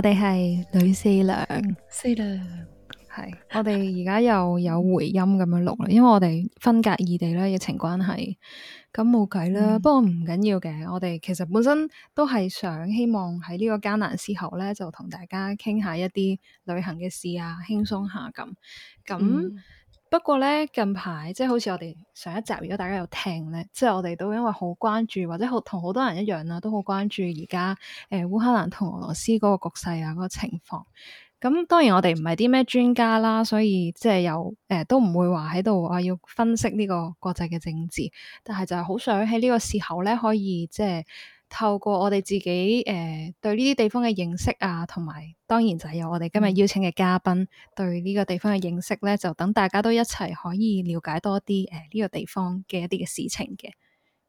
我哋係旅四娘兩，四娘係我哋而家又有回音咁樣錄啦，因為我哋分隔異地咧，疫情關係咁冇計啦，嗯、不過唔緊要嘅，我哋其實本身都係想希望喺呢個艱難時候呢，就同大家傾下一啲旅行嘅事啊，輕鬆下咁咁。不過咧，近排即係好似我哋上一集，如果大家有聽咧，即係我哋都因為好關注，或者好同好多人一樣啦、啊，都好關注而家誒烏克蘭同俄羅斯嗰個局勢啊，嗰、嗰個情況。咁、嗯、當然我哋唔係啲咩專家啦，所以即係又誒都唔會話喺度啊，要分析呢個國際嘅政治。但係就係好想喺呢個時候咧，可以即係。透過我哋自己誒、呃、對呢啲地方嘅認識啊，同埋當然就係有我哋今日邀請嘅嘉賓對呢個地方嘅認識咧，就等大家都一齊可以了解多啲誒呢個地方嘅一啲嘅事情嘅。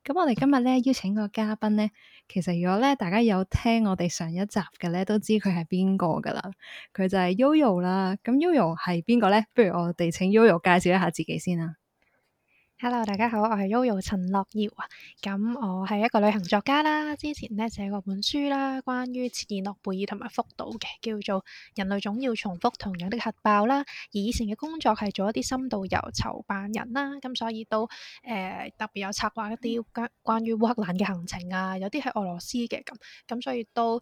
咁我哋今日咧邀請個嘉賓咧，其實如果咧大家有聽我哋上一集嘅咧，都知佢係邊個噶啦。佢就係 Yoyo 啦。咁 Yoyo 係邊個咧？不如我哋請 Yoyo 介紹一下自己先啊。Hello，大家好，我係 Yoyo 陳樂遙啊，咁我係一個旅行作家啦，之前呢，寫過本書啦，關於切爾諾貝爾同埋福島嘅，叫做《人類總要重複同樣的核爆》啦，而以前嘅工作係做一啲深度遊籌辦人啦，咁所以到誒特別有策劃一啲關關於烏克蘭嘅行程啊，有啲喺俄羅斯嘅咁，咁所以都。呃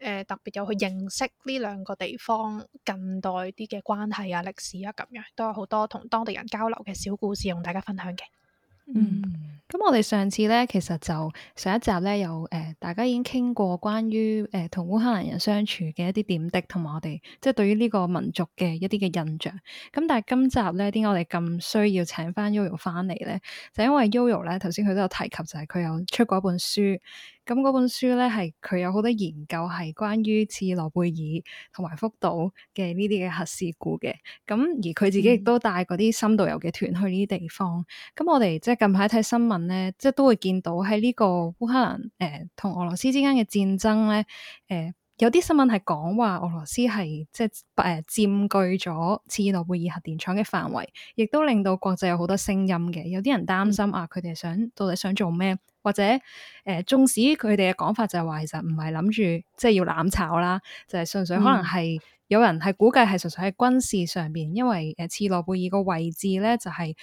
誒、呃、特別有去認識呢兩個地方近代啲嘅關係啊、歷史啊咁樣，都有好多同當地人交流嘅小故事，同大家分享嘅。嗯，咁我哋上次咧，其實就上一集咧有誒、呃，大家已經傾過關於誒同、呃、烏克蘭人相處嘅一啲點滴，同埋我哋即係對於呢個民族嘅一啲嘅印象。咁但係今集咧，點解我哋咁需要請返 Yoyo 返嚟咧？就是、因為 Yoyo 咧，頭先佢都有提及，就係、是、佢有出過一本書。咁嗰本書咧，係佢有好多研究係關於切爾諾貝爾同埋福島嘅呢啲嘅核事故嘅。咁而佢自己亦都帶嗰啲深度遊嘅團去呢啲地方。咁我哋即係近排睇新聞咧，即係都會見到喺呢個烏克蘭誒同、呃、俄羅斯之間嘅戰爭咧。誒、呃、有啲新聞係講話俄羅斯係即係誒、呃、佔據咗切爾諾貝爾核電廠嘅範圍，亦都令到國際有好多聲音嘅。有啲人擔心啊，佢哋想到底想做咩？或者誒、呃，縱使佢哋嘅講法就係話，其實唔係諗住即係要攬炒啦，就係、是、純粹可能係、嗯、有人係估計係純粹喺軍事上面，因為誒切爾諾貝爾個位置咧就係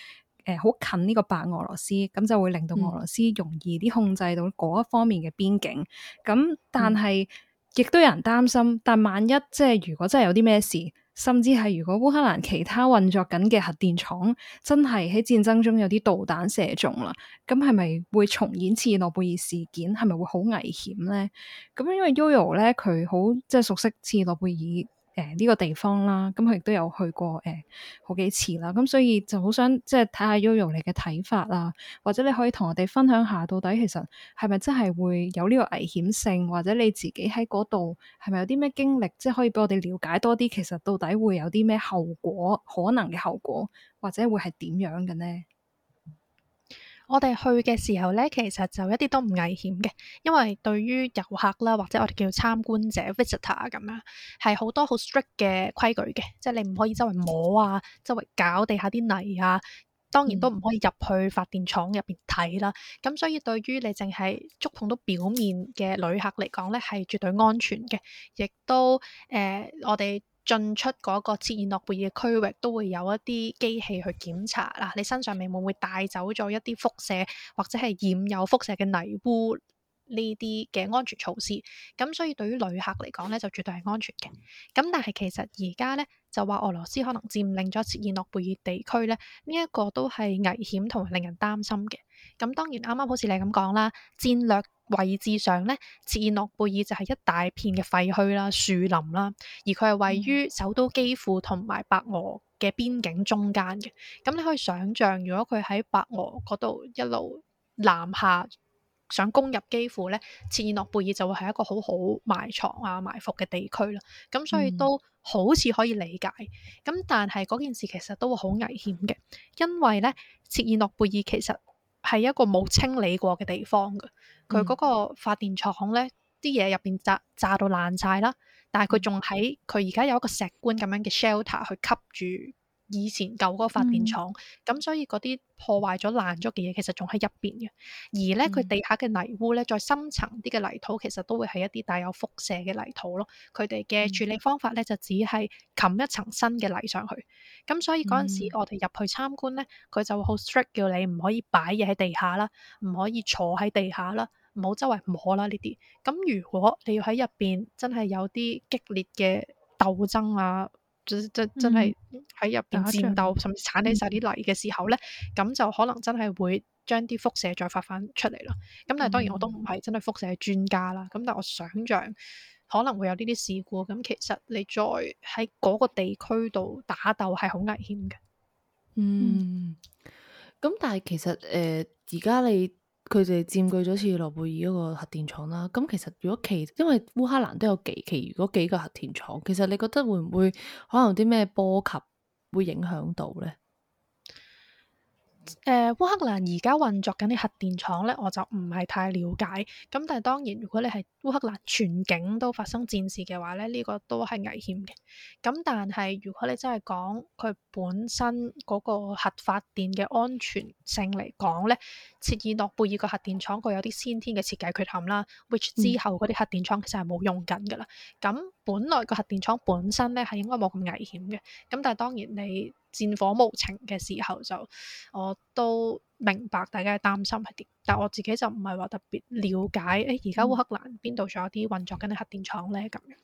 誒好近呢個白俄羅斯，咁就會令到俄羅斯容易啲控制到嗰一方面嘅邊境。咁、嗯、但係亦都有人擔心，但萬一即係如果真係有啲咩事。甚至係如果烏克蘭其他運作緊嘅核電廠真係喺戰爭中有啲導彈射中啦，咁係咪會重演切爾諾貝爾事件？係咪會好危險咧？咁因為 Yoyo 咧佢好即係熟悉切爾諾貝爾。誒呢、欸這個地方啦，咁佢亦都有去過誒、欸、好幾次啦，咁、嗯、所以就好想即係睇下 Yoyo 你嘅睇法啊，或者你可以同我哋分享下，到底其實係咪真係會有呢個危險性，或者你自己喺嗰度係咪有啲咩經歷，即係可以俾我哋了解多啲，其實到底會有啲咩後果，可能嘅後果，或者會係點樣嘅呢？我哋去嘅時候咧，其實就一啲都唔危險嘅，因為對於遊客啦，或者我哋叫參觀者 visitor 啊咁樣，係好多好 strict 嘅規矩嘅，即係你唔可以周圍摸啊，周圍搞地下啲泥啊，當然都唔可以入去發電廠入邊睇啦。咁、嗯、所以對於你淨係觸碰到表面嘅旅客嚟講咧，係絕對安全嘅，亦都誒、呃、我哋，進出嗰個切爾諾貝爾區域都會有一啲機器去檢查啦，啊，你身上面會唔會帶走咗一啲輻射或者係染有輻射嘅泥污呢啲嘅安全措施？咁所以對於旅客嚟講呢，就絕對係安全嘅。咁但係其實而家呢，就話俄羅斯可能佔領咗切爾諾貝爾地區呢，呢一個都係危險同埋令人擔心嘅。咁當然啱啱好似你咁講啦，戰略。位置上呢，切爾諾貝爾就係一大片嘅廢墟啦、樹林啦，而佢係位於首都基輔同埋白俄嘅邊境中間嘅。咁你可以想象，如果佢喺白俄嗰度一路南下，想攻入基輔呢，切爾諾貝爾就會係一個好好埋藏啊埋伏嘅地區啦。咁所以都好似可以理解。咁、嗯、但係嗰件事其實都會好危險嘅，因為呢，切爾諾貝爾其實係一個冇清理過嘅地方㗎。佢嗰個發電廠咧，啲嘢入邊炸炸到爛晒啦，但係佢仲喺佢，而家有一個石棺咁樣嘅 shelter 去吸住。以前舊嗰個發電廠，咁、嗯、所以嗰啲破壞咗、爛咗嘅嘢，其實仲喺入邊嘅。而呢，佢地下嘅泥污呢，嗯、再深層啲嘅泥土，其實都會係一啲帶有輻射嘅泥土咯。佢哋嘅處理方法呢，嗯、就只係冚一層新嘅泥上去。咁所以嗰陣時，我哋入去參觀呢，佢、嗯、就會好 strict 叫你唔可以擺嘢喺地下啦，唔可以坐喺地下啦，唔好周圍摸啦呢啲。咁如果你要喺入邊真係有啲激烈嘅鬥爭啊～嗯、真真真係喺入邊戰鬥，著甚至鏟起晒啲泥嘅時候咧，咁、嗯、就可能真係會將啲輻射再發翻出嚟咯。咁但係當然我都唔係真係輻射專家啦。咁、嗯、但係我想像可能會有呢啲事故。咁其實你再喺嗰個地區度打鬥係好危險嘅。嗯，咁、嗯、但係其實誒，而、呃、家你。佢哋佔據咗切爾諾貝爾嗰個核電廠啦，咁其實如果其因為烏克蘭都有幾其餘嗰幾個核電廠，其實你覺得會唔會可能啲咩波及會影響到呢？誒，烏克蘭而家運作緊啲核電廠咧，我就唔係太了解。咁但係當然，如果你係烏克蘭全境都發生戰事嘅話咧，呢個都係危險嘅。咁但係如果你真係講佢本身嗰個核發電嘅安全性嚟講咧，切爾諾貝爾個核電廠佢有啲先天嘅設計缺陷啦，which 之後嗰啲核電廠其實係冇用緊噶啦。咁本來個核電廠本身咧係應該冇咁危險嘅，咁但係當然你戰火無情嘅時候就，我都明白大家嘅擔心係點，但係我自己就唔係話特別了解，誒而家烏克蘭邊度仲有啲運作緊嘅核電廠咧咁樣。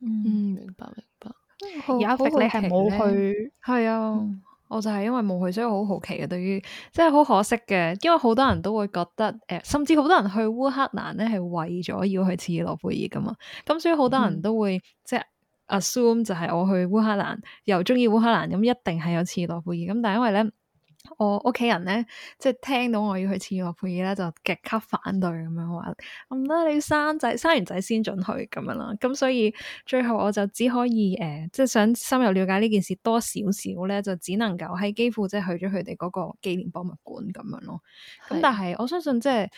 嗯，明白明白。而家、嗯、f 你係冇去？係啊。嗯我就係因為冇去，所以好好奇嘅。對於即係好可惜嘅，因為好多人都會覺得，誒、呃，甚至好多人去烏克蘭咧係為咗要去切爾諾貝爾嘅嘛。咁、嗯、所以好多人都會即係 assume 就係我去烏克蘭，又中意烏克蘭，咁一定係有切爾諾貝爾。咁但係因為咧。我屋企人咧，即係聽到我要去切爾諾貝爾咧，就極級反對咁樣話，唔得，你要生仔，生完仔先准去咁樣啦。咁所以最後我就只可以誒、呃，即係想深入了解呢件事多少少咧，就只能夠喺基輔即係去咗佢哋嗰個紀念博物館咁樣咯。咁是但係我相信即係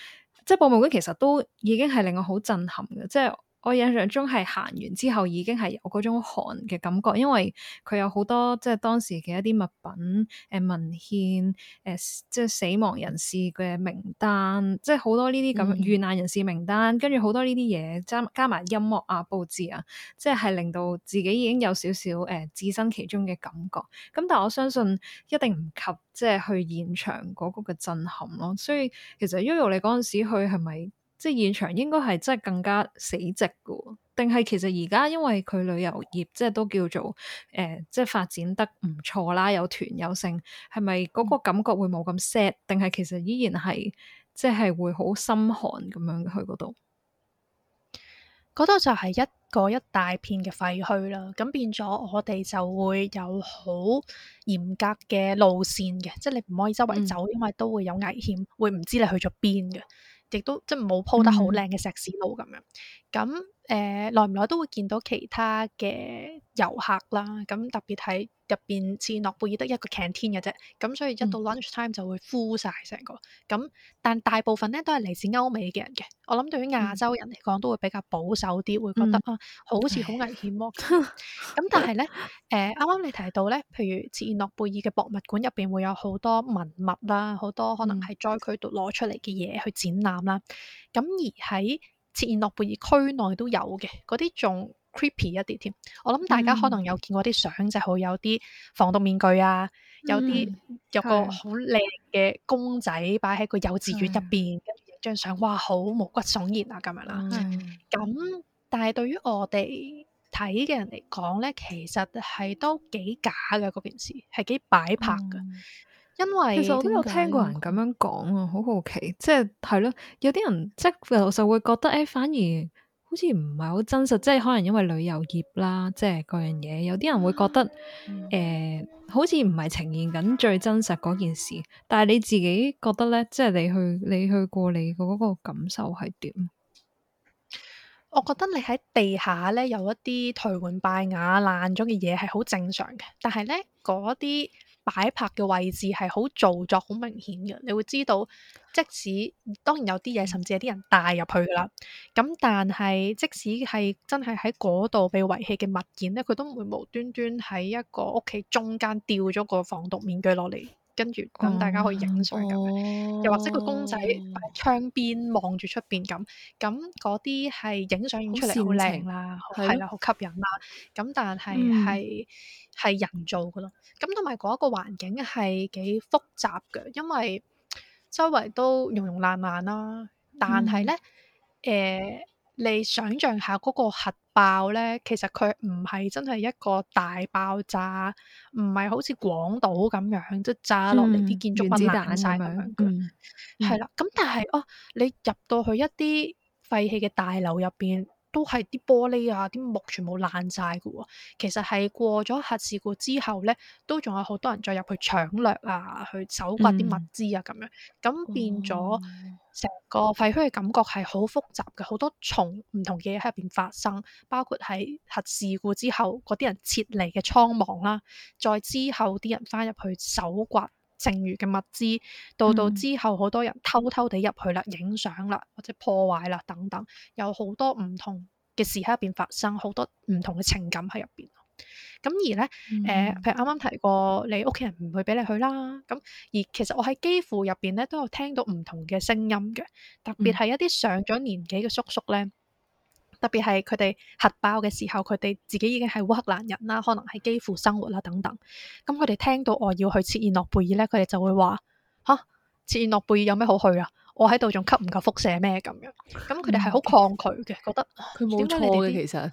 即係博物館其實都已經係令我好震撼嘅，即係。我印象中係行完之後已經係有嗰種寒嘅感覺，因為佢有好多即係、就是、當時嘅一啲物品、誒文獻、誒、呃、即係死亡人士嘅名單，即係好多呢啲咁遇難人士名單，跟住好多呢啲嘢加加埋音樂啊、佈置啊，即係令到自己已經有少少誒置身其中嘅感覺。咁但係我相信一定唔及即係去現場嗰個嘅震撼咯。所以其實 Yoyo 你嗰陣時去係咪？即係現場應該係真係更加死寂嘅喎，定係其實而家因為佢旅遊業即係都叫做誒、呃、即係發展得唔錯啦，有團友性，係咪嗰個感覺會冇咁 sad？定係其實依然係即係會好心寒咁樣去嗰度，嗰度就係一個一大片嘅廢墟啦。咁變咗我哋就會有好嚴格嘅路線嘅，即係你唔可以周圍走，嗯、因為都會有危險，會唔知你去咗邊嘅。亦都即係冇鋪得好靚嘅石屎路咁樣，咁。誒，耐唔耐都會見到其他嘅遊客啦。咁、呃、特別係入邊切諾貝爾得一個 canteen 嘅啫。咁、呃、所以一到 lunch time 就會 full 曬成個。咁、嗯、但大部分咧都係嚟自歐美嘅人嘅。我諗對於亞洲人嚟講都會比較保守啲，會覺得、嗯、啊，好似好危險喎、啊。咁 但係咧，誒啱啱你提到咧，譬如切諾貝爾嘅博物館入邊會有好多文物啦，好多可能係災區度攞出嚟嘅嘢去展覽啦。咁而喺設喺諾貝爾區內都有嘅嗰啲仲 creepy 一啲添。我諗大家可能有見過啲相，就好、是、有啲防毒面具啊，嗯、有啲是有個好靚嘅公仔擺喺個幼稚園入邊，跟是張相哇，好毛骨悚然啊咁樣啦。咁是但係對於我哋睇嘅人嚟講呢，其實係都幾假嘅嗰件事，係幾擺拍㗎。嗯因為其實我都有聽過人咁樣講啊，好好奇，即係係咯，有啲人即係就就是、會覺得，誒、欸、反而好似唔係好真實，即係可能因為旅遊業啦，即係嗰樣嘢，有啲人會覺得誒、啊呃、好似唔係呈現緊最真實嗰件事。但係你自己覺得咧，即係你去你去過你嗰個感受係點？我覺得你喺地下咧有一啲頹垣敗瓦爛咗嘅嘢係好正常嘅，但係咧嗰啲，擺拍嘅位置係好造作、好明顯嘅，你會知道，即使當然有啲嘢，甚至有啲人帶入去㗎喇。咁但係即使係真係喺嗰度被遺棄嘅物件咧，佢都唔會無端端喺一個屋企中間掉咗個防毒面具落嚟。跟住咁大家可以影相咁，oh, oh, oh. 又或者個公仔擺窗邊望住出邊咁，咁嗰啲係影相影出嚟好靚啦，係啦，好吸引係係、嗯、啦。咁但係係係人造噶咯，咁同埋嗰一個環境係幾複雜嘅，因為周圍都融融爛爛啦。嗯、但係咧，誒、呃。你想象下嗰個核爆咧，其實佢唔係真係一個大爆炸，唔係好似廣島咁樣，即炸落嚟啲建築物爛晒咁樣嘅，係啦，嗯。咁、嗯、但係哦，你入到去一啲廢棄嘅大樓入邊。都係啲玻璃啊，啲木全部爛晒嘅喎。其實係過咗核事故之後咧，都仲有好多人再入去搶掠啊，去搜刮啲物資啊咁、嗯、樣，咁變咗成個廢墟嘅感覺係好複雜嘅，好多重唔同嘅嘢喺入邊發生，包括係核事故之後嗰啲人撤離嘅倉忙啦、啊，再之後啲人返入去搜刮。剩餘嘅物資，到到之後，好多人偷偷地入去啦，影相啦，或者破壞啦，等等，有好多唔同嘅事喺入邊發生，好多唔同嘅情感喺入邊。咁而咧，誒、嗯，譬、呃、如啱啱提過，你屋企人唔會俾你去啦。咁而其實我喺基輔入邊咧，都有聽到唔同嘅聲音嘅，特別係一啲上咗年紀嘅叔叔咧。嗯嗯特別係佢哋核爆嘅時候，佢哋自己已經係烏克蘭人啦，可能係幾乎生活啦等等。咁佢哋聽到我要去切爾諾貝爾咧，佢哋就會話：嚇，切爾諾貝爾有咩好去啊？我喺度仲吸唔夠輻射咩咁樣？咁佢哋係好抗拒嘅，覺得佢冇、嗯、錯嘅其實。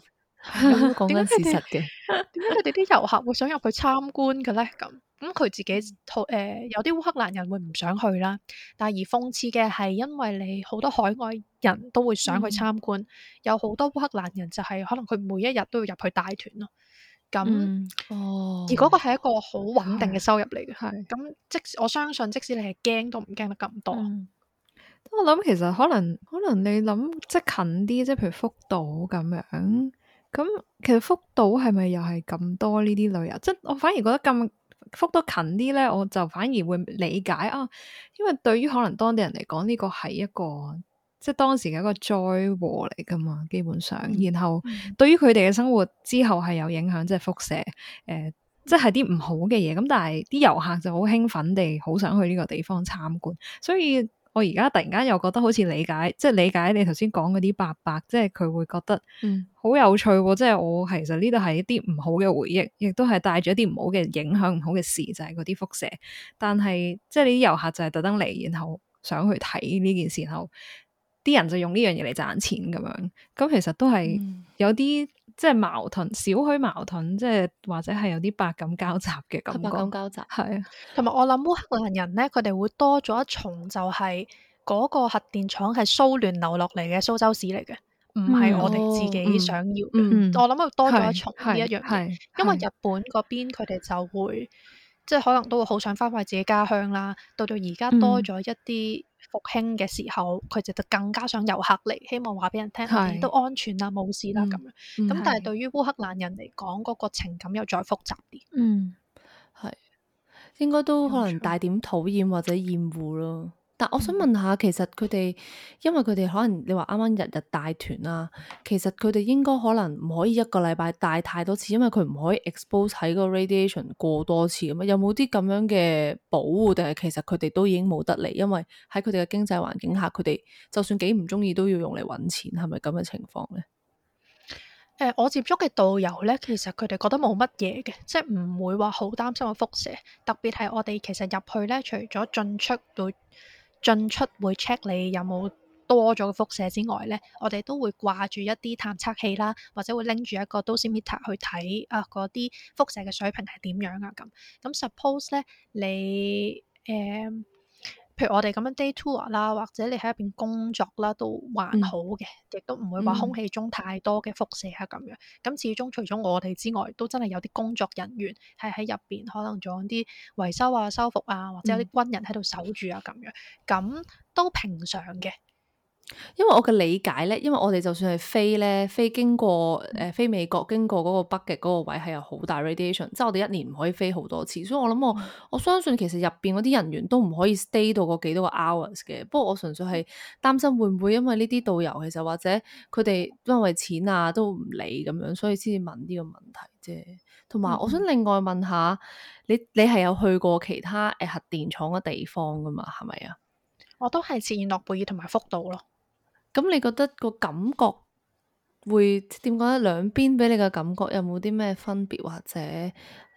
講緊事實嘅，點解你哋啲遊客會想入去參觀嘅咧？咁咁佢自己，誒、呃，有啲烏克蘭人會唔想去啦。但係而諷刺嘅係，因為你好多海外人都會想去參觀，嗯、有好多烏克蘭人就係、是、可能佢每一日都要入去帶團咯。咁、嗯、哦，而嗰個係一個好穩定嘅收入嚟嘅，係咁即我相信，即使你係驚都唔驚得咁多。嗯、我諗其實可能可能你諗即近啲，即譬如福島咁樣。咁其實福島係咪又係咁多呢啲旅遊？即係我反而覺得咁福島近啲咧，我就反而會理解啊，因為對於可能當地人嚟講，呢個係一個即係當時嘅一個災禍嚟㗎嘛，基本上。嗯、然後對於佢哋嘅生活之後係有影響，即係輻射，誒、呃，即係啲唔好嘅嘢。咁但係啲遊客就好興奮地，好想去呢個地方參觀，所以。我而家突然間又覺得好似理解，即係理解你頭先講嗰啲伯伯，即係佢會覺得、嗯、好有趣喎、哦。即係我其實呢度係一啲唔好嘅回憶，亦都係帶住一啲唔好嘅影響、唔好嘅事，就係嗰啲輻射。但係即係你啲遊客就係特登嚟，然後想去睇呢件事，然後啲人就用呢樣嘢嚟賺錢咁樣。咁其實都係有啲。嗯即係矛盾，少許矛盾，即係或者係有啲百感交集嘅感覺。交集係啊，同埋是我諗烏克蘭人咧，佢哋會多咗一重，就係嗰個核電廠係蘇聯留落嚟嘅，蘇州市嚟嘅，唔係我哋自己想要。嘅、嗯。嗯嗯嗯、我諗佢多咗一重呢一樣嘢，因為日本嗰邊佢哋就會，即係可能都會好想翻返自己家鄉啦。到到而家多咗一啲、嗯。嗯復興嘅時候，佢就就更加想遊客嚟，希望話俾人聽是都安全啦、冇事啦咁、嗯、樣。咁但係對於烏克蘭人嚟講，嗰、嗰個情感又再複雜啲。嗯，係應該都可能帶點討厭或者厭惡咯。但我想問下，其實佢哋因為佢哋可能你話啱啱日日帶團啊，其實佢哋應該可能唔可以一個禮拜帶太多次，因為佢唔可以 expose 喺個 radiation 過多次嘅嘛。有冇啲咁樣嘅保護？定係其實佢哋都已經冇得嚟，因為喺佢哋嘅經濟環境下，佢哋就算幾唔中意都要用嚟揾錢，係咪咁嘅情況呢？呃，我接觸嘅導遊呢，其實佢哋覺得冇乜嘢嘅，即係唔會話好擔心個輻射。特別係我哋其實入去呢，除咗進出要。進出會 check 你有冇多咗嘅輻射之外咧，我哋都會掛住一啲探測器啦，或者會拎住一個 dosimeter 去睇啊嗰啲輻射嘅水平係點樣啊咁。咁 suppose 咧你誒。嗯譬如我哋咁樣 day tour 啦，或者你喺入邊工作啦，都還好嘅，亦都唔會話空氣中太多嘅輻射啊咁、嗯、樣。咁始終除咗我哋之外，都真係有啲工作人員係喺入邊，可能做緊啲維修啊、修復啊，或者有啲軍人喺度守住啊咁樣，咁都平常嘅。因為我嘅理解咧，因為我哋就算係飛咧，飛經過誒、呃，飛美國經過嗰個北極嗰個位係有好大 radiation，即係我哋一年唔可以飛好多次，所以我諗我我相信其實入邊嗰啲人員都唔可以 stay 到過幾多個 hours 嘅。不過我純粹係擔心會唔會因為呢啲導遊其實或者佢哋因為錢啊都唔理咁樣，所以先至問呢個問題啫。同埋、嗯，我想另外問下你，你係有去過其他誒核電廠嘅地方噶嘛？係咪啊？我都係切爾諾貝爾同埋福島咯。咁你覺得個感覺會點講咧？兩邊俾你嘅感覺有冇啲咩分別，或者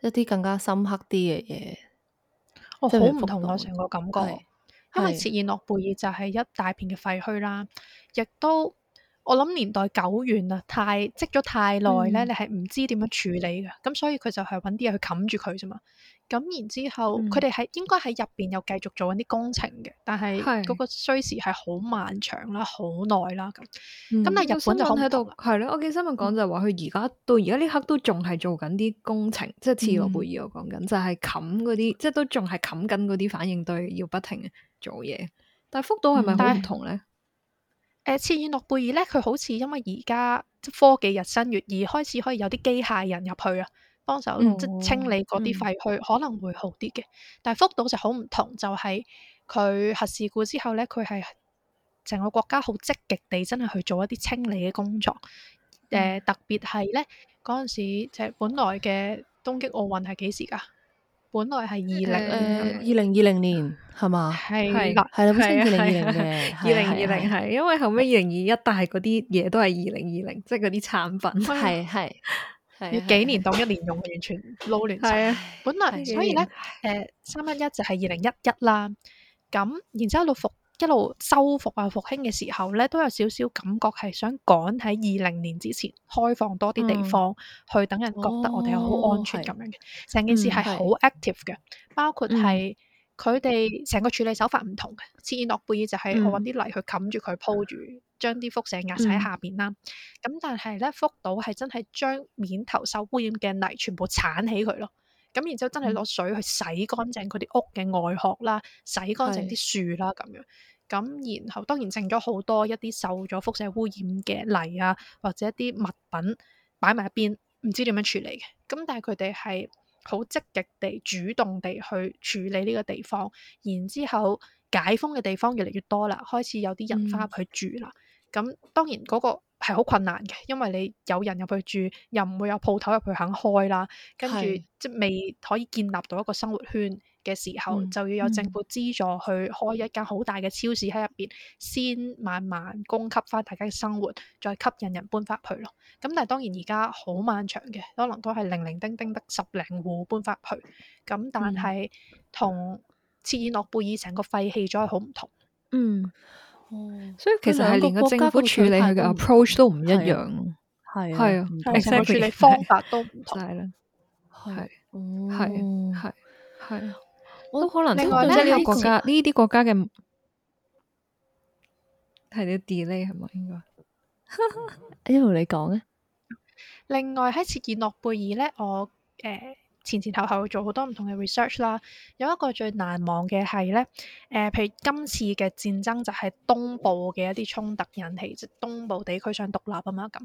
一啲更加深刻啲嘅嘢？哦，好唔同我、啊、成個感覺，是因為切爾諾貝爾就係一大片嘅廢墟啦，亦是都我諗年代久遠啦，太積咗太耐咧，嗯、你係唔知點樣處理嘅，咁所以佢就係揾啲嘢去冚住佢啫嘛。咁然之後，佢哋係應該喺入邊又繼續做緊啲工程嘅，嗯、但係嗰個需時係好漫長啦，好耐啦咁。咁、嗯、但係日本就喺度係咯，我見新聞講就係話佢而家到而家呢刻都仲係做緊啲工程，即係切爾諾貝爾我講緊就係冚嗰啲，即係都仲係冚緊嗰啲反應堆要不停做嘢。但係福島係咪好唔同咧？誒、嗯，切爾、呃、諾貝爾咧，佢好似因為而家即係科技日新月異，開始可以有啲機械人入去啊。幫手即係清理嗰啲廢墟可能會好啲嘅，但係福島就好唔同。就係佢核事故之後咧，佢係成個國家好積極地真係去做一啲清理嘅工作。誒，特別係咧嗰陣時就係本來嘅東京奧運係幾時噶？本來係二零誒二零二零年係嘛？係係啦，本身二零年嘅二零二零係，因為後尾二零二一，但係嗰啲嘢都係二零二零，即係嗰啲產品係係。要幾年當一年用，完全撈亂曬。 本來是的所以咧，誒三一一就係二零一一啦。咁然之後一路復一路修復啊復興嘅時候咧，都有少少感覺係想趕喺二零年之前開放多啲地方，嗯、去等人覺得我哋係好安全咁樣嘅。成、哦、件事係好 active 嘅，嗯、包括係。嗯佢哋成個處理手法唔同嘅，切爾諾貝爾就係我揾啲泥去冚住佢鋪住，將啲輻射壓晒喺下邊啦。咁、嗯、但係咧，福島係真係將面頭受污染嘅泥全部鏟起佢咯。咁然之後真係攞水去洗乾淨佢哋屋嘅外殼啦，洗乾淨啲樹啦咁樣。咁然後當然剩咗好多一啲受咗輻射污染嘅泥啊，或者一啲物品擺埋一邊，唔知點樣處理嘅。咁但係佢哋係，好積極地主動地去處理呢個地方，然之後解封嘅地方越嚟越多啦，開始有啲人翻入去住啦。咁、嗯、當然嗰個係好困難嘅，因為你有人入去住，又唔會有鋪頭入去肯開啦，跟住是即未可以建立到一個生活圈嘅時候就要有政府資助去開一間好大嘅超市喺入邊，先慢慢供給翻大家嘅生活，再吸引人搬翻去咯。咁但係當然而家好漫長嘅，可能都係零零丁丁得十零戶搬翻去。咁但係同切爾諾貝爾成個廢棄咗係好唔同。嗯，哦，所以其實係連個政府處理佢嘅 approach 都唔一樣，係，係啊，處理方法都唔同啦。係，係，係，係。我都可能同即係呢個國家，呢啲國家嘅係啲 delay 係咪應該？一路你講啊。另外喺切爾諾貝爾咧，我誒、呃、前前後後做好多唔同嘅 research 啦。有一個最難忘嘅係咧，誒、呃，譬如今次嘅戰爭就係東部嘅一啲衝突引起，即、就、係、是、東部地區想獨立啊嘛咁。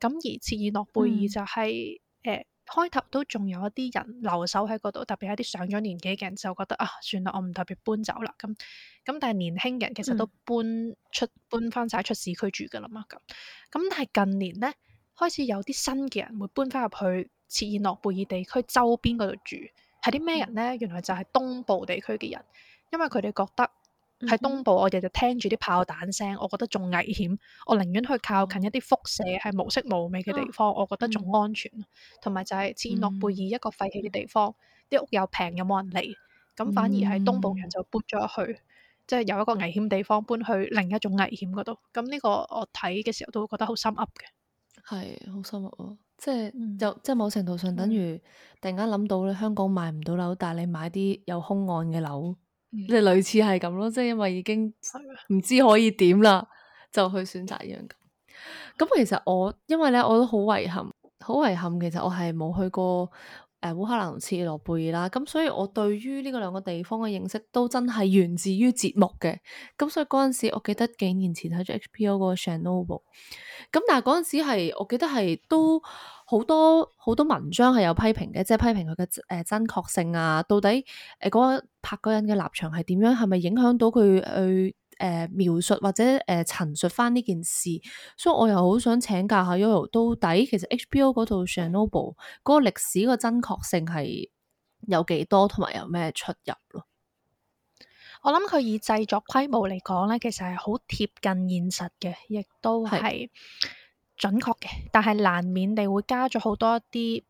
咁而切爾諾貝爾就係、是、誒。嗯開頭都仲有一啲人留守喺嗰度，特別係一啲上咗年紀嘅人就覺得啊，算啦，我唔特別搬走啦，咁咁但係年輕人其實都搬出搬翻曬出市區住噶啦嘛，咁咁但係近年呢，開始有啲新嘅人會搬翻入去切爾諾貝爾地區周邊嗰度住，係啲咩人呢？嗯、原來就係東部地區嘅人，因為佢哋覺得。喺東部，我日日聽住啲炮彈聲，我覺得仲危險。我寧願去靠近一啲輻射係無色無味嘅地方，啊、我覺得仲安全。同埋、嗯、就係切爾諾貝爾一個廢棄嘅地方，啲、嗯、屋又平，又冇人嚟。咁反而喺東部人就搬咗去，即係、嗯、有一個危險地方搬去另一種危險嗰度。咁呢個我睇嘅時候都會覺得好心噏嘅。係好心噏啊！即係就，就即係某程度上，等於突然間諗到咧，香港買唔到樓，但係你買啲有凶案嘅樓。即係類似係咁咯，即係因為已經唔知可以點啦，就去選擇呢樣咁。咁、嗯、 其實我因為咧，我都好遺憾，好遺憾，其實我係冇去過誒烏、呃、克蘭同切羅貝爾啦。咁、嗯、所以我對於呢個兩個地方嘅認識都真係源自於節目嘅。咁、嗯、所以嗰陣時、嗯、我記得幾年前睇咗 HBO 嗰個《Chernobyl》。咁但係嗰陣時係，我記得係都。好多好多文章係有批評嘅，即係批評佢嘅誒真確性啊。到底誒嗰拍嗰人嘅立場係點樣？係咪影響到佢去誒、呃、描述或者誒、呃、陳述翻呢件事？所以我又好想請教下 Yoyo，到底其實 HBO 嗰套《Chernobyl》嗰個歷史嘅真確性係有幾多，同埋有咩出入咯？我諗佢以製作規模嚟講咧，其實係好貼近現實嘅，亦都係。準確嘅，但係難免地會加咗好多一啲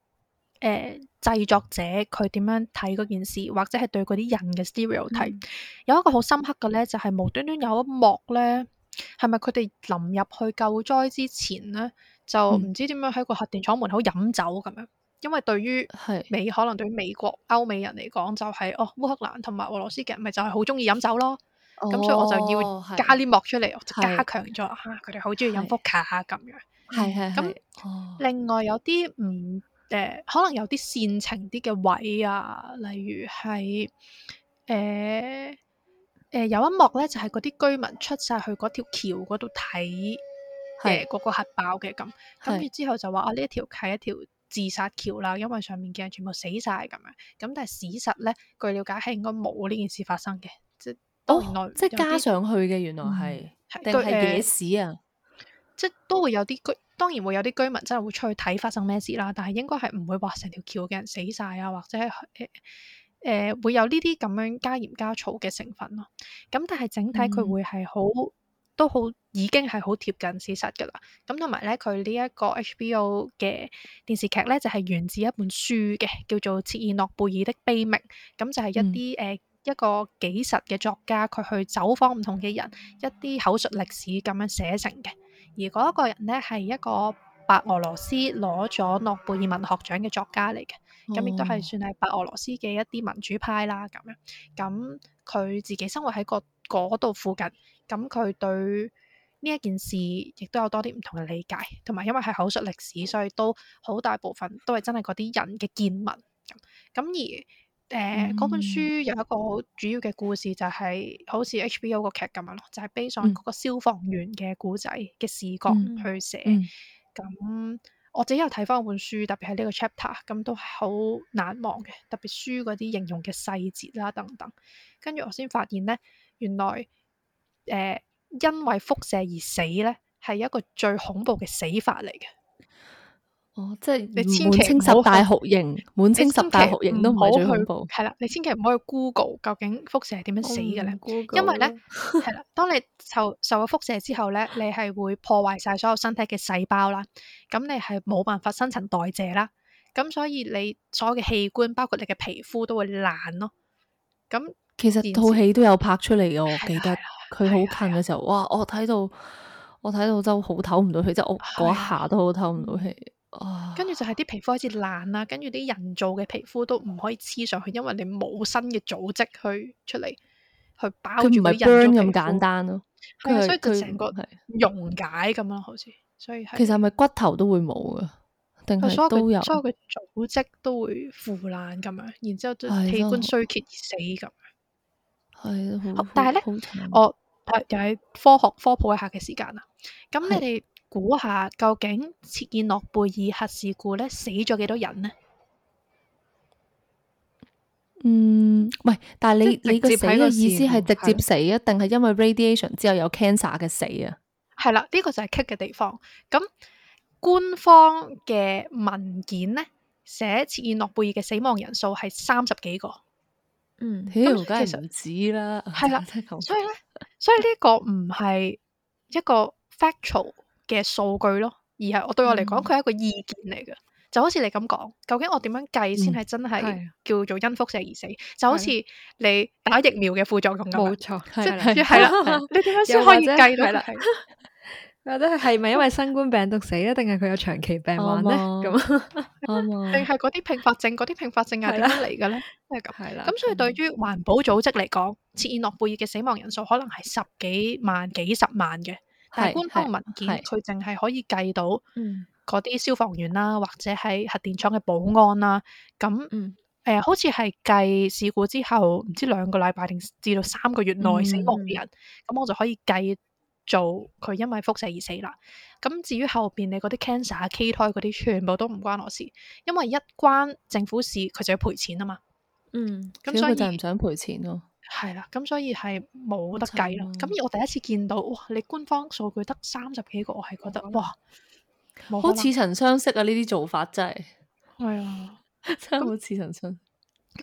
誒製作者佢點樣睇嗰件事，或者係對嗰啲人嘅 stereotype 有睇。嗯、有一個好深刻嘅咧，就係、是、無端端有一幕咧，係咪佢哋臨入去救災之前咧，就唔知點樣喺個核電廠門口飲酒咁樣？嗯、因為對於美是可能對於美國歐美人嚟講、就是，哦、烏就係哦烏克蘭同埋俄羅斯嘅人咪就係好中意飲酒咯。咁、哦、所以我就要加啲幕出嚟，我就加強咗吓佢哋好中意飲福卡吓咁樣。是係係咁，另外有啲唔誒，可能有啲煽情啲嘅位啊，例如係，誒誒有一幕咧，就係嗰啲居民出晒去嗰條橋嗰度睇嘅嗰個核爆嘅咁，跟住是之後就話啊，呢一條係一條自殺橋啦，因為上面嘅人全部死晒咁樣。咁但係事實咧，據了解係應該冇呢件事發生嘅，即係哦，即係加上去嘅，原來係定係野史啊？即都會有啲居當然會有啲居民真係會出去睇發生咩事啦，但係應該係唔會話成條橋嘅人死晒啊，或者誒誒、呃呃、會有呢啲咁樣加鹽加醋嘅成分咯。咁但係整體佢會係好、嗯、都好已經係好貼近事實㗎啦。咁同埋咧，佢呢一個 HBO 嘅電視劇咧就係、是、源自一本書嘅，叫做《切爾諾貝爾的悲鳴》。咁就係一啲誒。嗯呃一個紀實嘅作家，佢去走訪唔同嘅人，一啲口述歷史咁樣寫成嘅。而嗰一個人呢，係一個白俄羅斯攞咗諾貝爾文學獎嘅作家嚟嘅，咁亦都係算係白俄羅斯嘅一啲民主派啦咁樣。咁佢自己生活喺嗰度附近，咁佢對呢一件事亦都有多啲唔同嘅理解，同埋因為係口述歷史，所以都好大部分都係真係嗰啲人嘅見聞咁。咁而誒，嗰、uh, 嗯、本書有一個主要嘅故事就係好似 HBO 個劇咁樣咯，就係悲傷嗰個消防員嘅故仔嘅、嗯、視角去寫。咁、嗯嗯、我自己又睇翻嗰本書，特別係呢個 chapter，咁都好難忘嘅。特別書嗰啲形容嘅細節啦，等等，跟住我先發現咧，原來誒、呃，因為輻射而死咧，係一個最恐怖嘅死法嚟嘅。哦，即係你千祈唔好，滿清十大酷刑，滿清十大酷刑去都唔係最恐怖。係啦，你千祈唔好去 Google，究竟輻射點樣死嘅咧？Google，因為咧係啦，當你受受咗輻射之後咧，你係會破壞晒所有身體嘅細胞啦，咁你係冇辦法新陳代謝啦，咁所以你所有嘅器官，包括你嘅皮膚都會爛咯。咁其實套戲都有拍出嚟嘅，了我記得佢好近嘅時候，哇！我睇到我睇到就好，唞唔到氣，即係我嗰下都好唞唔到氣。 了 跟住就係啲皮膚開始爛啦，跟住啲人造嘅皮膚都唔可以黐上去，因為你冇新嘅組織去出嚟去包住佢，唔係 burn 咁簡單咯，佢所以佢成個係溶解咁樣，好似所以其實係咪骨頭都會冇噶，定係都所有嘅組織都會腐爛咁樣，然之後都器官衰竭而死咁，係，但係咧我又解科學科普一下嘅時間啊。咁你哋。估下究竟切爾諾貝爾核事故咧死咗幾多人呢？嗯，唔係，但係你直你個死嘅意思係直接死啊，定係因為 radiation 之後有 cancer 嘅死啊？係啦，呢、呢個就係 key 嘅地方。咁官方嘅文件咧寫切爾諾貝爾嘅死亡人數係三十幾個。嗯，咁梗係唔止啦。係啦，所以咧，所以呢個唔係一個 factual。嘅數據咯，而係我對我嚟講，佢係一個意見嚟嘅，就好似你咁講，究竟我點樣計先係真係叫做因輻射而死？就好似你打疫苗嘅副作用咁，冇錯，係係啦，你點樣先可以計到？或者係咪因為新冠病毒死咧，定係佢有長期病患咧？咁啊，定係嗰啲併發症、嗰啲併發症係點樣嚟嘅咧？係咁係啦。咁所以對於環保組織嚟講，切爾諾貝爾嘅死亡人數可能係十幾萬、幾十萬嘅。但係官方文件佢淨係可以計到嗰啲消防員啦，嗯、或者係核電廠嘅保安啦。咁誒、嗯呃，好似係計事故之後唔知兩個禮拜定至到三個月內死亡嘅人，咁、嗯嗯、我就可以計做佢因為輻射而死啦。咁至於後邊你嗰啲 cancer、畸胎嗰啲，全部都唔關我事，因為一關政府事佢就要賠錢啊嘛。嗯，咁所以。就唔想賠錢囉係啦，咁所以係冇得計囉。咁而、啊、我第一次見到，哇！你官方數據得三十幾個，我係覺得，哇，好似曾相識啊！呢啲做法真係，係啊，真係好、哎、呀 似曾相識。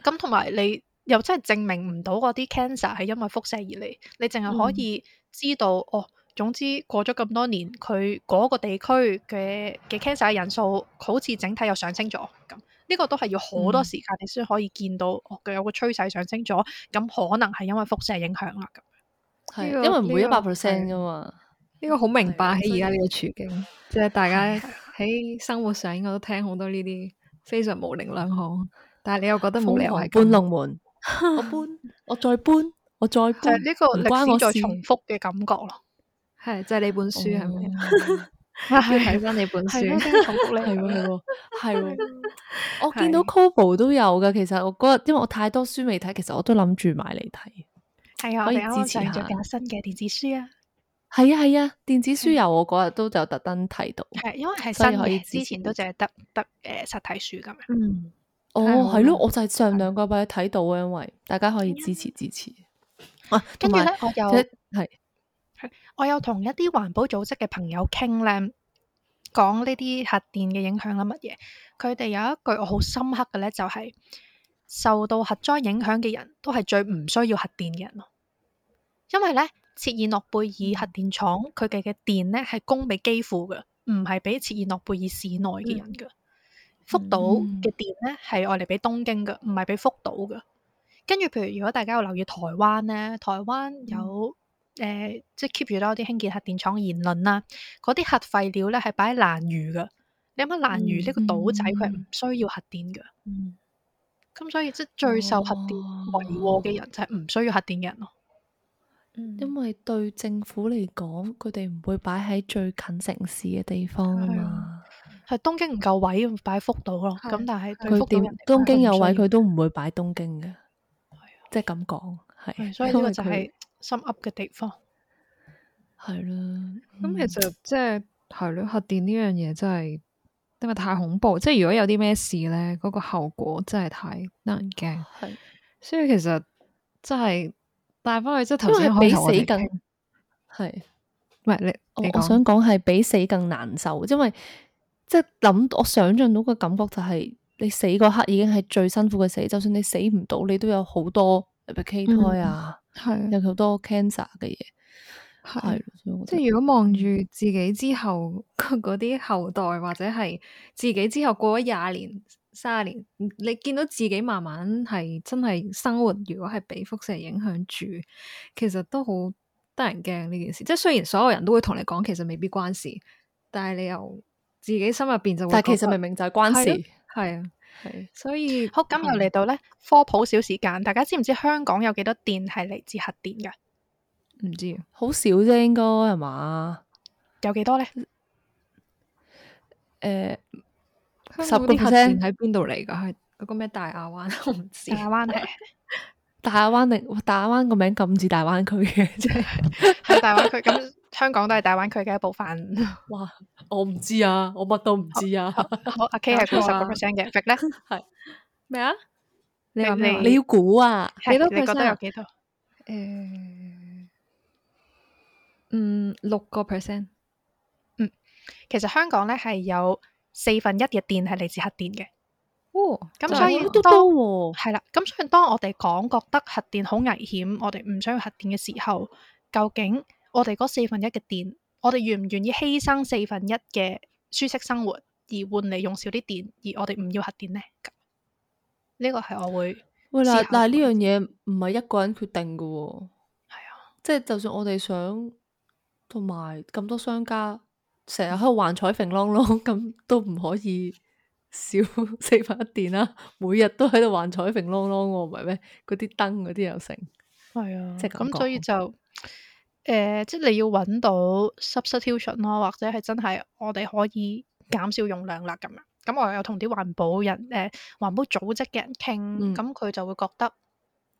咁同埋你又真係證明唔到嗰啲 cancer 係因為輻射而嚟，你淨係可以知道、嗯、哦。總之過咗咁多年，佢嗰個地區嘅嘅 cancer 人數好似整體又上升咗咁。呢個都係要好多時間，你先可以見到佢有個趨勢上升咗，咁可能係因為輻射影響啦。咁係，因為唔會一百 percent 噶嘛。呢個好明白喺而家呢個處境，即係大家喺生活上，應該都聽好多呢啲非常無厘兩行。但係你又覺得冇理由係搬龍門？我搬，我再搬，我再搬。呢個歷史再重複嘅感覺咯。係，即係呢本書係咪？係睇翻你本書，係 啊，係喎，係喎，我見到 Cobo 都有噶。其實我嗰日因為我太多書未睇，其實我都諗住買嚟睇。係啊，我哋啱啱上咗架新嘅電子書啊。係啊，係啊,啊,啊,啊，電子書由我嗰日都就特登睇到。係因為係新之前都淨係得得誒實體書咁樣。嗯，哦係咯、啊，我就係上兩個拜睇到啊。因為大家可以支持支持,支持。啊，跟住咧，我又係。我有同一啲環保組織嘅朋友傾呢，講呢啲核電嘅影響啦，乜嘢？佢哋有一句我好深刻嘅呢，就係、是、受到核災影響嘅人都係最唔需要核電嘅人咯。因為呢，切爾諾貝爾核電廠佢哋嘅電呢係供俾基輔噶，唔係俾切爾諾貝爾市內嘅人噶。嗯、福島嘅電呢係愛嚟俾東京噶，唔係俾福島噶。跟住，譬如如果大家有留意台灣呢，台灣有。誒，即係 keep 住多啲興建核電廠嘅言論啦。嗰啲核廢料咧係擺喺蘭嶼噶。你諗下蘭嶼呢個島仔，佢係唔需要核電噶。嗯。咁、嗯嗯嗯、所以即係最受核電迷惑嘅人就係唔需要核電嘅人咯。嗯。因為對政府嚟講，佢哋唔會擺喺最近城市嘅地方啊嘛。係東京唔夠位，擺福島咯。咁是但係佢點？東京有位，佢都唔會擺東京嘅。即係咁講，係。所以個就係、是。心噏嘅地方，係啦。咁、嗯、其實即係係啦，核電呢樣嘢真係因為太恐怖，即係如果有啲咩事咧，嗰、那個後果真係太難驚。係的，所以其實真係帶翻去即係頭先可以同我哋係，唔係你，你我，我想講係比死更難受，因為即係諗我想象到嘅感覺就係、是、你死嗰刻已經係最辛苦嘅死，就算你死唔到，你都有好多。胚胎啊，係、嗯、是有好多 cancer 嘅嘢，係的即係如果望住自己之後嗰啲後代，或者係自己之後過咗廿年、卅年，你見到自己慢慢係真係生活，如果係被輻射影響住，其實都好得人驚呢件事。即係雖然所有人都會同你講，其實未必關事，但係你由自己心入邊就會覺得但係其實明明就係關事，係啊。係，所以好，咁又嚟到咧科普小時間，大家知唔知香港有幾多電係嚟自核電嘅？唔知，好少啫，應該係嘛？有幾多咧？誒、呃，十個核電喺邊度嚟噶？係嗰個咩大亞灣？我唔知大灣定 大亞灣定？大亞灣個名咁似大灣區嘅，即係係大灣區咁。香港都係大灣區嘅一部分。哇！我唔知啊，我乜都唔知啊。我阿 K 係估十個 percent 嘅，Fit 咧係咩啊？你你你要估啊？幾多 p e 你覺得都有幾多？誒，嗯，六個 percent。嗯，其實香港咧係有四分一嘅電係嚟自核電嘅。哦，咁所以都多係啦。咁、哦、所以當我哋講覺得核電好危險，我哋唔想要核電嘅時候，究竟，我哋嗰四分一嘅電，我哋願唔願意犧牲四分一嘅舒適生活而換嚟用少啲電，而我哋唔要核電呢？呢個係我會會啦，但係呢樣嘢唔係一個人決定嘅喎、哦。係啊，即係就，就算我哋想同埋咁多商家成日喺度幻彩乒啷啷咁，都唔可以少四分一電啦。每日都喺度幻彩乒啷啷唔係咩？嗰啲燈嗰啲又成係啊，即係咁，所以就。誒、呃，即係你要搵到 substitution 咯，或者係真係我哋可以減少用量啦。咁樣咁我又有同啲環保人誒，環、呃、保組織嘅人傾，咁佢、嗯、就會覺得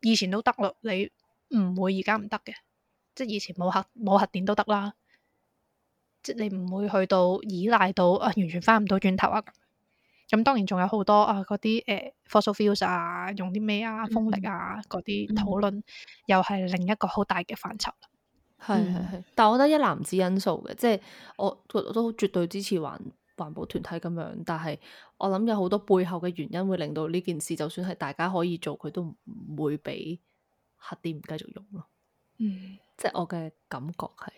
以前都得咯，你唔會而家唔得嘅，即係以前冇核冇核電都得啦，即係你唔會去到依賴到啊，完全翻唔到轉頭了啊。咁當然仲有好多啊，嗰、呃、啲誒，fossil fuels 啊，用啲咩啊，風力啊嗰啲討論，又係另一個好大嘅範疇。係係係，嗯、但係我覺得一籃子因素嘅，即、就、係、是、我我都絕對支持環環保團體咁樣，但係我諗有好多背後嘅原因會令到呢件事，就算係大家可以做，佢都唔會俾核電唔繼續用咯。嗯，即係我嘅感覺係，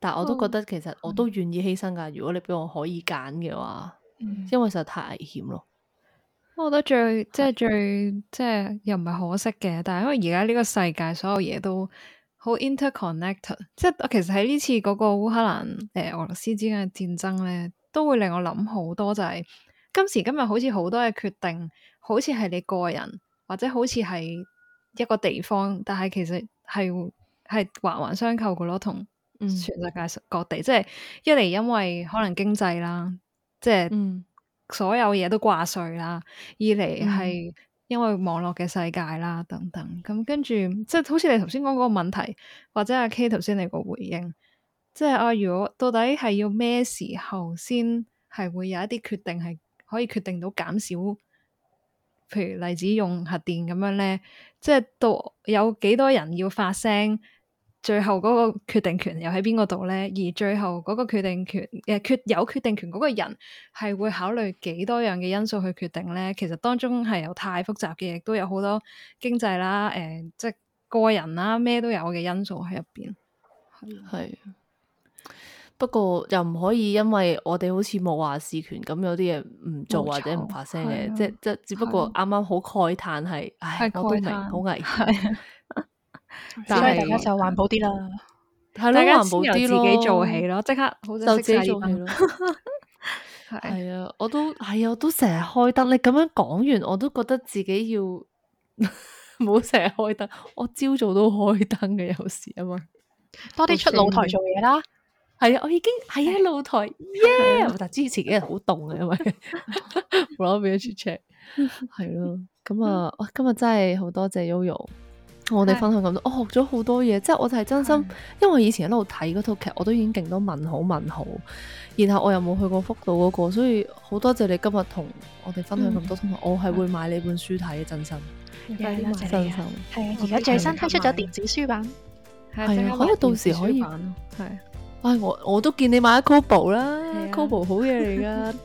但係我都覺得其實我都願意犧牲噶。哦嗯、如果你俾我可以揀嘅話，嗯、因為實在太危險咯。我覺得最即係最即係又唔係可惜嘅，的但係因為而家呢個世界所有嘢都，好 interconnected，即係其實喺呢次嗰個烏克蘭誒、呃、俄羅斯之間嘅戰爭咧，都會令我諗好多，就是。就係今時今日，好似好多嘅決定，好似係你個人，或者好似係一個地方，但係其實係係環環相扣噶咯，同全世界各地。嗯、即係一嚟因為可能經濟啦，即係、嗯、所有嘢都掛帥啦；二嚟係、嗯。因為網絡嘅世界啦，等等，咁，嗯，跟住即係好似你頭先講嗰個問題，或者阿 K 頭先你個回應，即係啊，如果到底係要咩時候先係會有一啲決定係可以決定到減少，譬如例子用核電咁樣咧，即係到有幾多人要發聲？最後嗰個決定權又喺邊個度呢？而最後嗰個決定權，誒、呃、決有決定權嗰個人係會考慮幾多樣嘅因素去決定呢？其實當中係有太複雜嘅，亦都有好多經濟啦、誒、呃，即係個人啦，咩都有嘅因素喺入邊。係是，是不過又唔可以因為我哋好似冇話事權咁，有啲嘢唔做或者唔發聲嘅，即即、啊、只、只不過啱啱好慨嘆係，是唉，我都明，好危險。 所以大家就環保啲啦，係咯，環保啲咯，自己做起咯，即刻好就自己做起咯。係 啊，我都係啊，我都成日開燈。你咁樣講完，我都覺得自己要唔好成日開燈。我朝早都開燈嘅有時啊嘛，多啲出露台做嘢啦。係啊，我已經係啊、哎、露台 yeah 之前幾日好凍啊，因為我俾人 check 係咯。咁啊、嗯，嗯、今日真係好多謝 Yoyo。我哋分享咁多，我學咗好多嘢，即係我就係真心，因為以前喺度睇嗰套劇，我都已經勁多問號問號，然後我又冇去過福島嗰個，所以好多謝你今日同我哋分享咁多，同埋我係會買你本書睇，真心，真心，係啊，而家最新推出咗電子書版，係啊，可以到時可以，係，唉，我我都見你買咗 Kobo 啦，Kobo 好嘢嚟噶。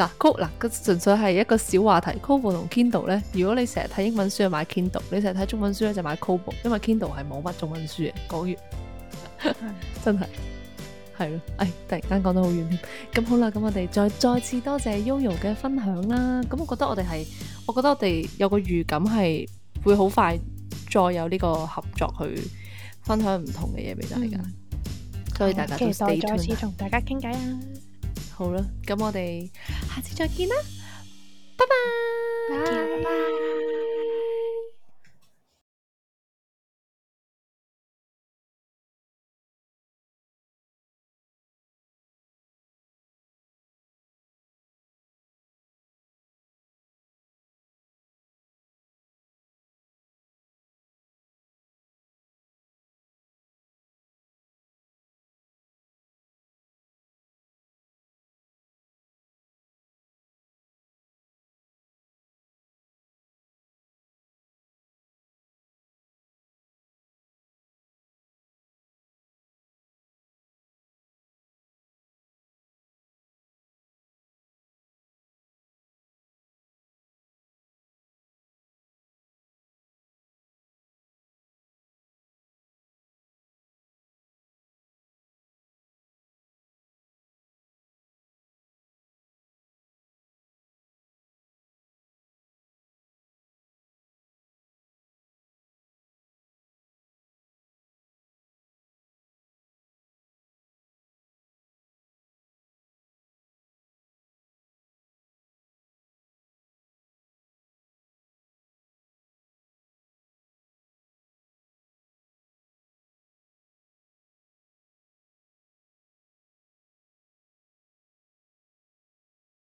嗱 c 嗱，佢純粹係一個小話題。Kobo 同 Kindle 咧，如果你成日睇英文書，就買 Kindle；你成日睇中文書咧，就買 Kobo，因為 Kindle 係冇乜中文書嘅，講、那、完、個、 真係係咯。唉、哎，突然間講得遠好遠。咁好啦，咁我哋再再次多謝 Yoyo 嘅分享啦。咁我覺得我哋係，我覺得我哋有個預感係會好快再有呢個合作去分享唔同嘅嘢俾大家。嗯、所以大家都對 to stay 期待再次同大家傾偈啊！好啦，咁我哋下次再見啦，拜拜，拜拜。